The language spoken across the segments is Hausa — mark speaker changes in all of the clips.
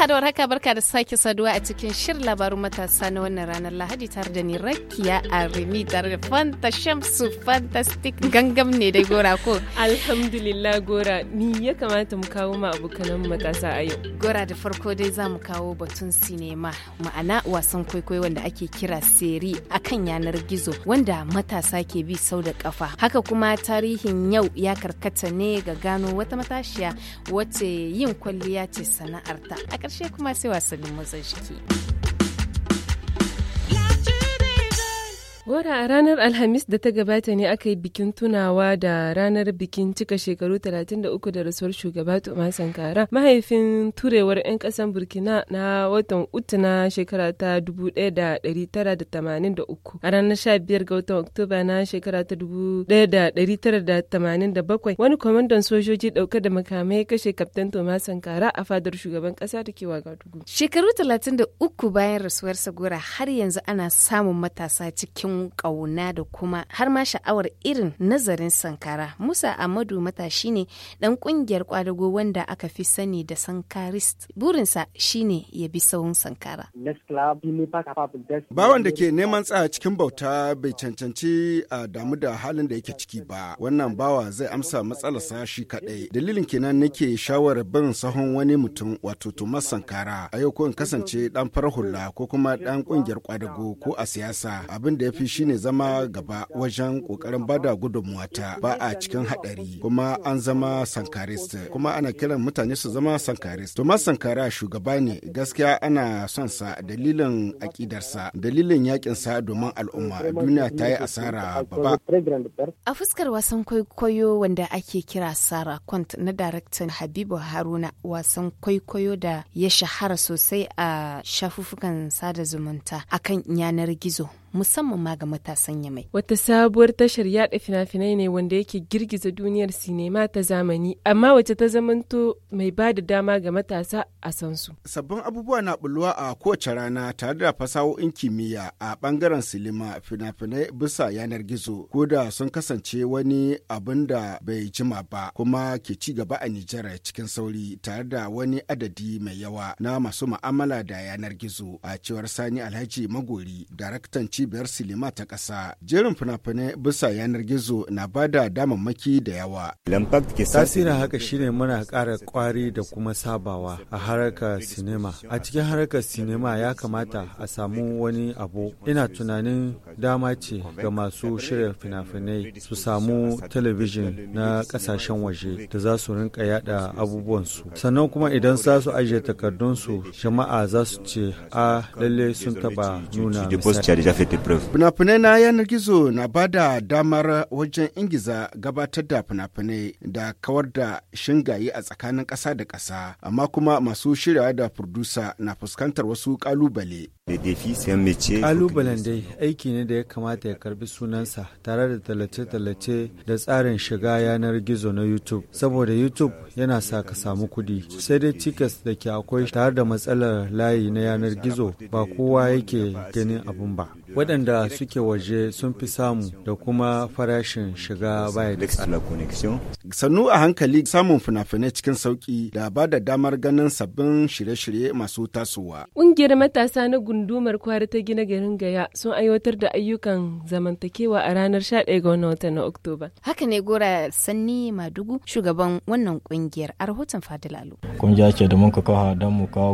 Speaker 1: Barka da warhaka barka da sake saduwa a cikin shirin labarun matasa na wannan ranar Lahadi tare da ni Rakiya Arimi tare da Fanta Shamsu Fantastic gangam ne dai Gora ko.
Speaker 2: Alhamdulillah Gora ni ya kamata mu kawo ma abokanan matasa a yau. Gora da farko dai za mu kawo batun sinema
Speaker 1: ma'ana wasan kwaikwayo wanda ake kira seri a kan yanar gizo wanda matasa ke bi sau da kafa. Haka kuma tarihin yau ya karkata ne ga gano wata matashiya wacce yin kwalliya ce sana'arta. ƙarshe kuma sai wasannin motsa jiki.
Speaker 2: Gora a ranar Alhamis da ta gabata ne aka yi bikin tunawa da ranar bikin cika shekaru 33 da rasuwar shugaba Tuma Sankara, mahaifin turewar 'yan ƙasan Burkina na watan Utu na shekara ta 1983. A ranar 15 ga watan Oktoba na shekara ta 1987, wani kwamandan sojoji ɗauka da makamai kashe kaftan Tuma Sankara a fadar shugaban ƙasa da ke Shekaru 33
Speaker 1: bayan rasuwarsa Gora har yanzu ana samun matasa cikin ƙauna da kuma har ma sha'awar irin nazarin sankara musa amadu matashi ne dan kungiyar kwadago wanda aka fi sani da sankarist burinsa shine ya bi sahun sankara
Speaker 3: bawan da ke
Speaker 4: neman tsaya cikin bauta bai cancanci a damu da halin da yake ciki ba wannan bawa zai amsa matsalarsa shi kadai dalilin kenan nake shawarar bin sahun wani mutum wato tumar sankara a yau ko in kasance dan farahulla ko kuma dan kungiyar kwadago ko a siyasa abin da ya manufofi shine zama gaba wajen kokarin bada gudunmuwa ta ba a cikin haɗari kuma an zama sankarist kuma ana kiran mutane su zama sankarist to sankara shugaba ne gaskiya ana son sa dalilin akidarsa dalilin yakin sa domin al'umma duniya ta yi asara baba
Speaker 1: a fuskar wasan kwaikwayo wanda ake kira sara kwant na daraktan habibu haruna wasan kwaikwayo da ya shahara sosai a shafuffukan sada zumunta akan yanar gizo musamman ma ga matasan yamai.
Speaker 2: Wata sabuwar tashar yaɗa fina-finai ne wanda yake girgiza duniyar sinema ta zamani amma wace ta zamanto mai ba da dama ga matasa a san su.
Speaker 4: Sabbin abubuwa na bulwa a kowace rana tare da fasahohin kimiyya a bangaren silima fina-finai bisa yanar gizo ko da sun kasance wani abin da bai jima ba kuma ke ci gaba a Nijar cikin sauri tare da wani adadi mai yawa na masu ma'amala da yanar gizo a cewar Sani Alhaji Magori daraktan cibiyar silima ta ƙasa jerin fina-finai bisa yanar gizo na ba da damammaki da yawa tasirin haka shine
Speaker 3: mana ƙara ƙwari da kuma sabawa a harkar sinima a cikin harkar sinima ya kamata a samu wani abu ina tunanin dama ce ga masu shirya fina-finai su samu talabijin na ƙasashen waje da za su rinka yada abubuwansu sannan kuma idan za su ajiye takardunsu jama'a za su ce
Speaker 4: a ah, lalle sun
Speaker 3: taba nuna misali
Speaker 4: Fina-finai na yanar gizo na ba da damar wajen ingiza gabatar da fina da kawar da shingaye a tsakanin ƙasa da ƙasa, amma kuma masu shirya da furdusa na fuskantar wasu ƙalubale.
Speaker 3: kalubalen dai aiki ne da ya kamata ya karbi sunansa tare da tallace-tallace da tsarin shiga yanar gizo na YouTube, saboda YouTube yana sa ka samu kuɗi. Sai dai cikas da ke akwai tare da matsalar layi na yanar gizo ba kowa yake ganin abun ba. waɗanda suke waje sun fi samu da
Speaker 4: kuma farashin shiga baya da sannu a hankali samun fina-finai cikin sauki da ba da damar ganin sabbin shirye-shirye masu tasowa
Speaker 2: ƙungiyar matasa na gundumar kwari ta gina garin gaya sun aiwatar da ayyukan zamantakewa a ranar 11 ga watan na oktoba haka ne gora sanni
Speaker 1: madugu shugaban wannan ƙungiyar a rahoton fadilalu
Speaker 4: kungiya ce da muka kawo don mu kawo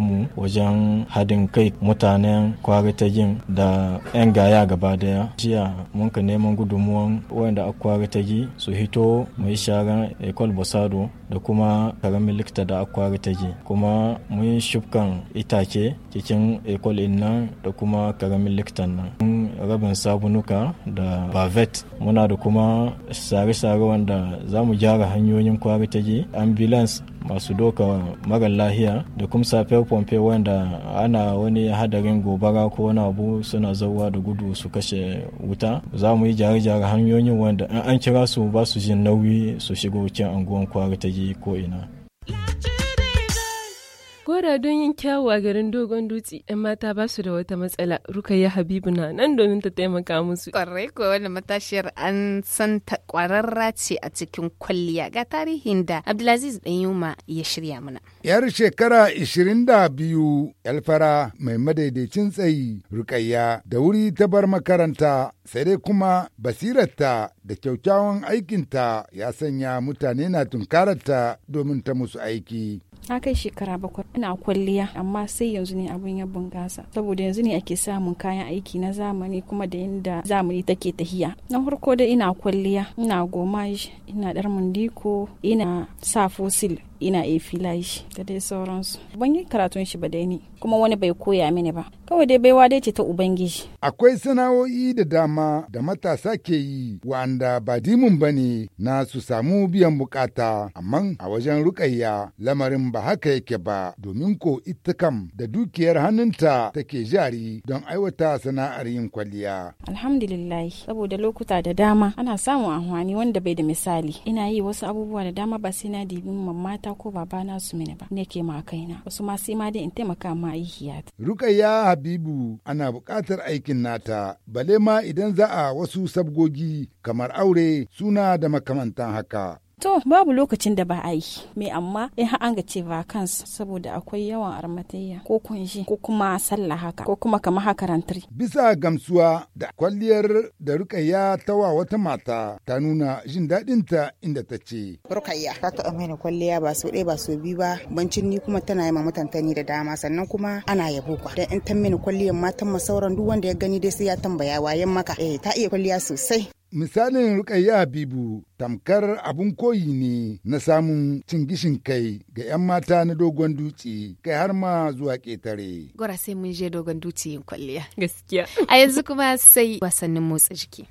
Speaker 4: mu wajen haɗin kai mutanen kwari ta gin da 'yan gaya gaba daya jiya mun ka neman gudunmuwan wanda akwari ta gi su hito mu yi sharan ekol bosado da kuma karamin likita da akwari ta gi kuma mun yi shufkan itake cikin ekol nan da kuma karamin likitan nan rabin sabunuka da bavet muna da kuma sare-sare wanda za mu gyara hanyoyin ji ambulance masu doka mara lahiya da kuma safiyar pompe wanda ana wani hadarin gobara ko wani abu suna zauwa da gudu su kashe wuta za mu yi gyare-gyare hanyoyin wanda an kira su ba su jin nauyi su shigo cikin anguwan kwaritagi ko ina
Speaker 2: Gora don yin kyawu a garin Dogon Dutse, 'yan mata ba su da wata matsala. Rukayya Habibu na nan domin ta taimaka musu. Kwarai ko wanda
Speaker 1: matashiyar an san kwararra ce a cikin kwalliya ga tarihin da Abdulaziz Danyuma ya shirya mana.
Speaker 5: Yar shekara 22 fara mai madaidaicin tsayi Rukayya da wuri ta bar makaranta sai dai kuma basirarta da kyaukyawan aikinta ya sanya mutane na tunkararta domin ta musu aiki.
Speaker 6: na kai shekara bakwai ina kwalliya amma sai yanzu ne abin ya bunkasa saboda yanzu ne ake samun kayan aiki na zamani kuma da yadda zamani take tahiya na farko da ina kwalliya ina gomaji ina dar mundiko ina sa fosil ina fila shi da dai sauransu ban yi karatun shi ba dai ne kuma wani bai koya mini ba kawai dai baiwa dai ce ta ubangiji
Speaker 5: akwai sana'o'i da dama da matasa ke yi wanda ba dimun ba ne na su samu biyan bukata amma a wajen rukayya lamarin ba haka yake ba domin ko ita kam da dukiyar hannunta take jari don aiwata sana'ar yin kwalliya
Speaker 6: alhamdulillah saboda lokuta da dama ana samun amfani wanda bai da misali ina yi wasu abubuwa da dama ba sai na dibin mamata ko babana su mini ba ne ke ma kaina wasu ma sai ma dai in taimaka ma aihiyata.
Speaker 5: Rukayya Habibu ana buƙatar aikin nata bale ma idan za a wasu sabgogi kamar aure suna da makamantan haka.
Speaker 6: To babu lokacin da ba a yi, me amma in ha an ga ce vacance saboda akwai yawan armatayya ko kunshi ko kuma sallah haka ko kuma kamar haka rantari.
Speaker 5: Bisa gamsuwa da kwalliyar da Rukayya ta wa wata mata ta nuna jin daɗin inda ta ce.
Speaker 6: Rukayya ta taɓa mini
Speaker 1: kwalliya ba so ɗaya ba so biyu ba bancin ni kuma tana yi ma ni da dama sannan kuma ana yabo kwa. Dan in ta mini kwalliyar matan masauran duk wanda ya gani dai sai ya tambaya wayan maka. Eh ta iya kwalliya sosai.
Speaker 5: Misalin Rukayya Habibu tamkar abun koyi ne na samun cin gishin kai ga 'yan mata na dogon dutse kai har ma zuwa ƙetare.
Speaker 1: Gwara
Speaker 2: sai mun je dogon dutse yin kwalliya.
Speaker 1: Gaskiya. A yanzu kuma sai wasannin motsa jiki.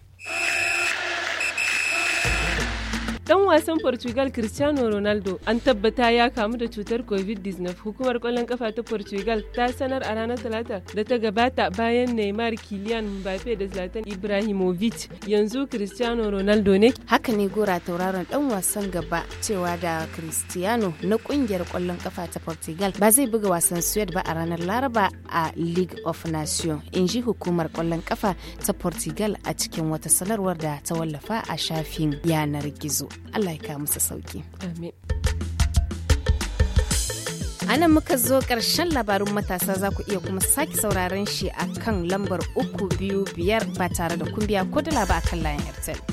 Speaker 2: Dan wasan Portugal Cristiano Ronaldo an tabbata ya kamu da cutar COVID-19. Hukumar kwallon kafa ta Portugal ta sanar a ranar Talata da ta gabata bayan Neymar, kilian Mbappe da Zlatan Ibrahimovic. Yanzu Cristiano Ronaldo ne. Haka ne gora tauraron dan wasan gaba cewa da
Speaker 1: Cristiano na kungiyar kwallon kafa ta Portugal ba zai buga wasan suwed ba a ranar Laraba a League of Nations. In ji hukumar kwallon kafa ta Portugal a cikin wata sanarwar da ta wallafa a shafin yanar gizo. Allah ya kawo musu sauki. Amin. A muka zo ƙarshen labarin matasa za ku iya kuma sake sauraron shi a kan lambar uku biyu biyar ba tare da kumbiya ko dala ba a kan layan Airtel.